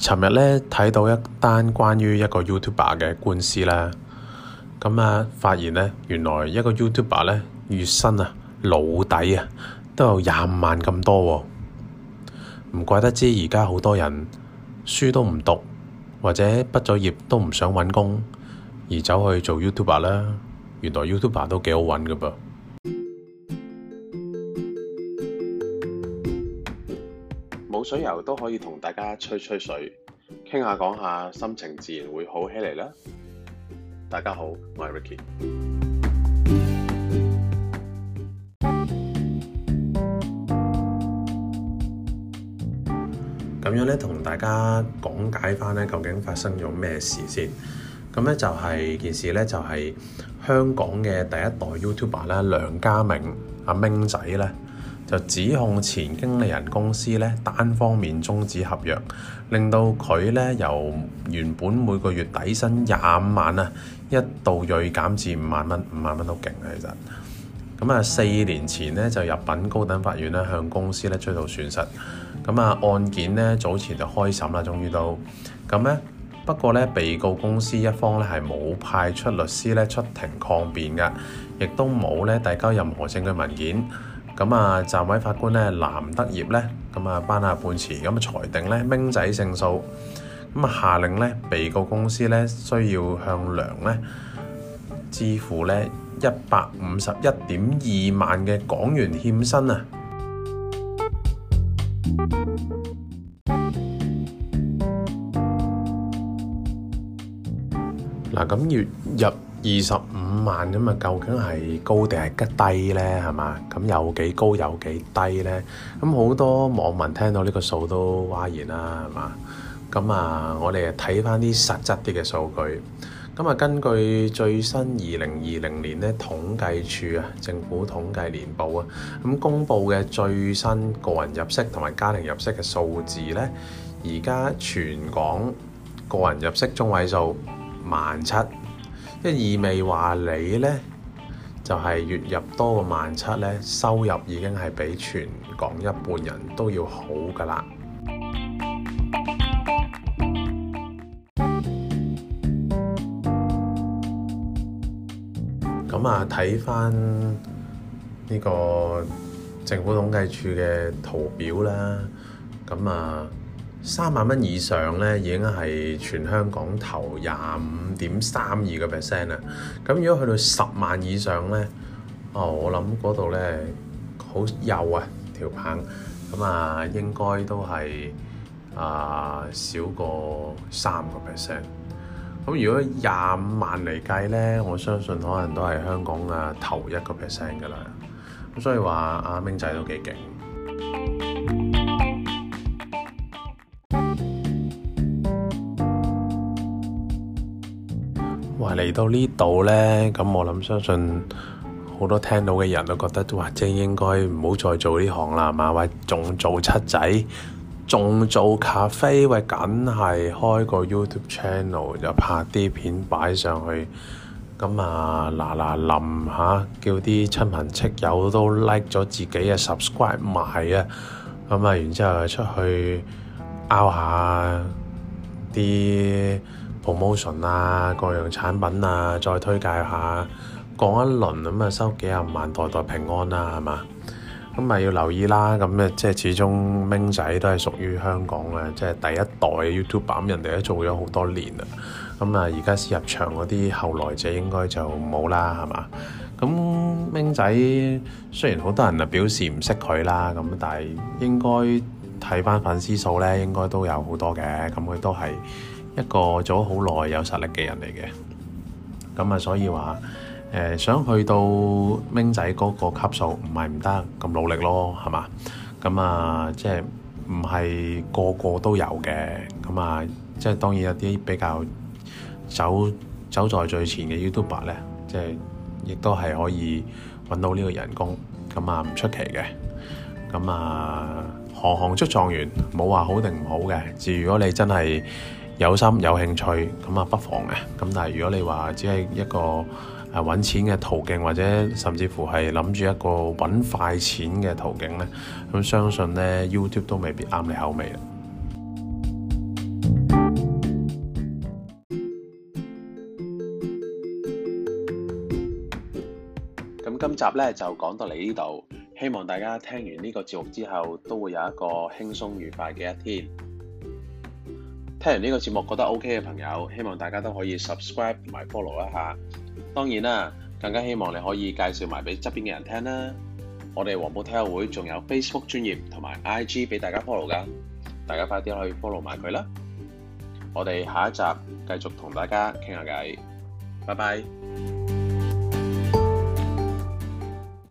尋日呢，睇到一單關於一個 YouTuber 嘅官司啦，咁啊發現呢，原來一個 YouTuber 呢，月薪啊老底啊都有廿五萬咁多喎。哦，唔怪得知而家好多人書都唔讀，或者畢咗業都唔想揾工，而走去做 YouTuber 啦。原來 YouTuber 都幾好揾㗎噃。水油都可以同大家吹吹水，傾下講下，心情自然會好起嚟啦。大家好，我係 Ricky。咁樣呢，同大家講解返呢，究竟發生咗咩事先？咁呢，就係件事呢，就係香港嘅第一代 YouTuber 呢，梁嘉銘，阿明仔呢，就指控前經理人公司咧單方面終止合約，令到佢咧由原本每個月底薪廿五萬啊，一度銳減至五萬蚊，五萬蚊都勁啊！其實咁啊，四年前咧就入稟高等法院咧向公司咧追討損失。咁啊，案件咧早前就開審啦，終於都咁咧。不過咧，被告公司一方咧係冇派出律師咧出庭抗辯嘅，亦都冇咧遞交任何證據文件。咁啊，暫委法官咧，藍德業咧，咁啊，頒下判詞，咁啊，裁定咧，明仔勝訴，咁啊，下令咧，被告公司咧，需要向梁咧，支付咧，一百五十一點二萬嘅港元欠薪啊！嗱，咁月入二十五萬咁啊，究竟係高定係吉低咧？係嘛？咁有幾高有幾低咧？咁好多網民聽到呢個數都嘩然啦，係嘛？咁啊，我哋啊睇返啲實質啲嘅數據。咁啊，根據最新二零二零年咧統計處啊，政府統計年報啊，咁公佈嘅最新個人入息同埋家庭入息嘅數字咧，而家全港個人入息中位數，萬七，即意味話你咧就係、是、月入多過萬七咧，收入已經係比全港一半人都要好噶啦。咁啊、嗯，睇翻呢個政府統計處嘅圖表啦，咁啊。三萬蚊以上咧，已經係全香港頭廿五點三二個 percent 啦。咁如果去到十萬以上咧，哦、呢啊，我諗嗰度咧好幼啊條棒。咁、嗯、啊，應該都係啊、呃、少過三個 percent。咁、嗯、如果廿五萬嚟計咧，我相信可能都係香港嘅頭一個 percent 㗎啦。咁所以話阿明仔都幾勁。嚟到呢度呢，咁我諗相信好多聽到嘅人都覺得都話，即應該唔好再做呢行啦，嘛？喂，仲做七仔，仲做咖啡，喂，梗係開個 YouTube channel 就拍啲片擺上去，咁啊嗱嗱臨吓，叫啲親朋戚友都 like 咗自己嘅 subscribe 埋啊，咁啊，然之後出去拗下啲。promotion 啊，Prom otion，各樣產品啊，再推介下，講一輪咁啊，收幾廿萬，袋袋平安啦，係嘛？咁咪要留意啦。咁誒，即係始終 Ming 仔都係屬於香港啊，即係第一代 YouTuber，人哋都做咗好多年啦。咁啊，而家是入場嗰啲後來者，應該就冇啦，係嘛？咁 Ming 仔雖然好多人啊表示唔識佢啦，咁但係應該睇翻粉絲數咧，應該都有好多嘅。咁佢都係。一個做咗好耐有實力嘅人嚟嘅，咁啊，所以話誒、呃，想去到 Ming 仔嗰個級數，唔係唔得咁努力咯，係嘛？咁啊、呃，即係唔係個個都有嘅，咁啊，即係當然有啲比較走走在最前嘅 YouTuber 咧，即係亦都係可以搵到呢個人工，咁啊唔出奇嘅。咁啊，行行出狀元，冇話好定唔好嘅。至如果你真係，有心有興趣咁啊，不妨嘅。咁但係如果你話只係一個誒揾錢嘅途徑，或者甚至乎係諗住一個揾快錢嘅途徑咧，咁相信咧 YouTube 都未必啱你口味啦。咁今集咧就講到嚟呢度，希望大家聽完呢個節目之後，都會有一個輕鬆愉快嘅一天。聽完呢個節目覺得 O K 嘅朋友，希望大家都可以 subscribe 同埋 follow 一下。當然啦，更加希望你可以介紹埋俾側邊嘅人聽啦。我哋黃埔體育會仲有 Facebook 專業同埋 I G 俾大家 follow 噶，大家快啲去 follow 埋佢啦。我哋下一集繼續同大家傾下偈，拜拜。